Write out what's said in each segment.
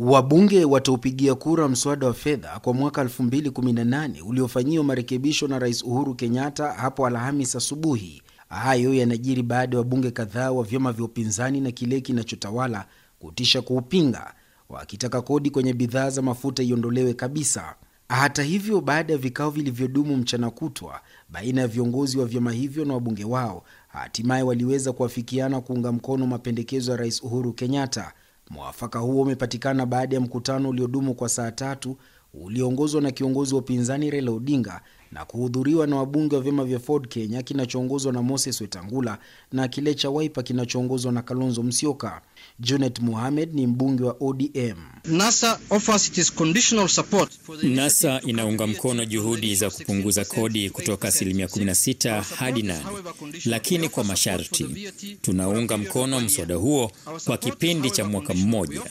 Wabunge wataupigia kura mswada wa fedha kwa mwaka 2018 uliofanyiwa marekebisho na Rais Uhuru Kenyatta hapo Alhamis asubuhi. Hayo yanajiri baada ya wabunge kadhaa wa vyama vya upinzani na kile kinachotawala kutisha kuupinga, wakitaka kodi kwenye bidhaa za mafuta iondolewe kabisa. Hata hivyo, baada ya vikao vilivyodumu mchana kutwa baina ya viongozi wa vyama hivyo na wabunge wao, hatimaye waliweza kuafikiana kuunga mkono mapendekezo ya Rais Uhuru Kenyatta. Mwafaka huo umepatikana baada ya mkutano uliodumu kwa saa tatu ulioongozwa na kiongozi wa upinzani Raila Odinga na kuhudhuriwa na wabunge wa vyama vya Ford Kenya kinachoongozwa na Moses Wetangula na kile cha Wiper kinachoongozwa na Kalonzo Musyoka. Junet Mohamed ni mbunge wa ODM. NASA, offers its conditional support NASA inaunga mkono juhudi za kupunguza kodi kutoka asilimia 16 hadi 8, lakini kwa masharti. Tunaunga mkono mswada huo kwa kipindi cha mwaka mmoja.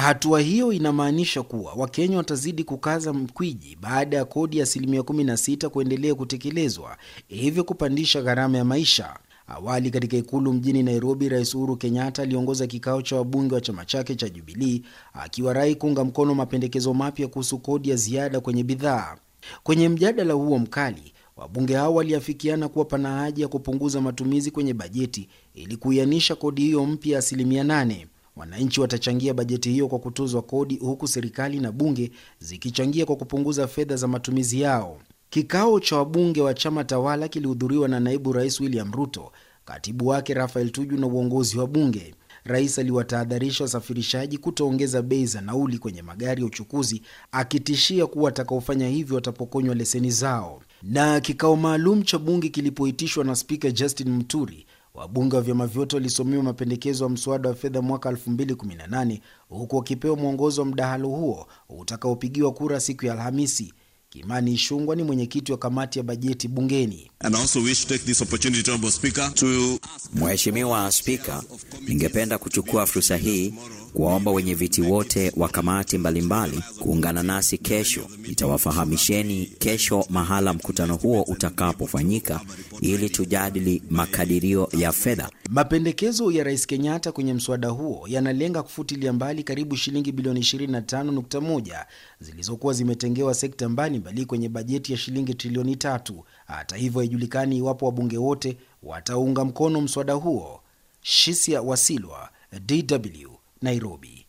Hatua hiyo inamaanisha kuwa Wakenya watazidi kukaza mkwiji baada ya kodi ya asilimia 16 kuendelea kutekelezwa, hivyo kupandisha gharama ya maisha. Awali katika ikulu mjini Nairobi, Rais Uhuru Kenyatta aliongoza kikao cha wabunge wa chama chake cha Jubilii akiwarai kuunga mkono mapendekezo mapya kuhusu kodi ya ziada kwenye bidhaa. Kwenye mjadala huo mkali, wabunge hao waliafikiana kuwa pana haja ya kupunguza matumizi kwenye bajeti ili kuianisha kodi hiyo mpya ya asilimia 8. Wananchi watachangia bajeti hiyo kwa kutozwa kodi, huku serikali na bunge zikichangia kwa kupunguza fedha za matumizi yao. Kikao cha wabunge wa chama tawala kilihudhuriwa na naibu rais William Ruto, katibu wake Rafael Tuju na uongozi wa bunge. Rais aliwatahadharisha wasafirishaji kutoongeza bei za nauli kwenye magari ya uchukuzi, akitishia kuwa watakaofanya hivyo watapokonywa leseni zao. Na kikao maalum cha bunge kilipoitishwa na spika Justin mturi Wabunge wa vyama vyote walisomiwa mapendekezo ya mswada wa fedha mwaka 2018 huku wakipewa mwongozo wa mdahalo huo utakaopigiwa kura siku ya Alhamisi. Kimani Ishungwa ni mwenyekiti wa kamati ya bajeti bungeni. Mheshimiwa Spika, ningependa kuchukua fursa hii kuwaomba wenye viti wote wa kamati mbalimbali kuungana nasi kesho. Nitawafahamisheni kesho mahala mkutano huo utakapofanyika ili tujadili makadirio ya fedha. Mapendekezo ya Rais Kenyatta kwenye mswada huo yanalenga kufutilia mbali karibu shilingi bilioni 25.1 zilizokuwa zimetengewa sekta mbalimbali kwenye bajeti ya shilingi trilioni tatu. Hata hivyo, haijulikani iwapo wabunge wote wataunga mkono mswada huo. Shisia Wasilwa, DW Nairobi.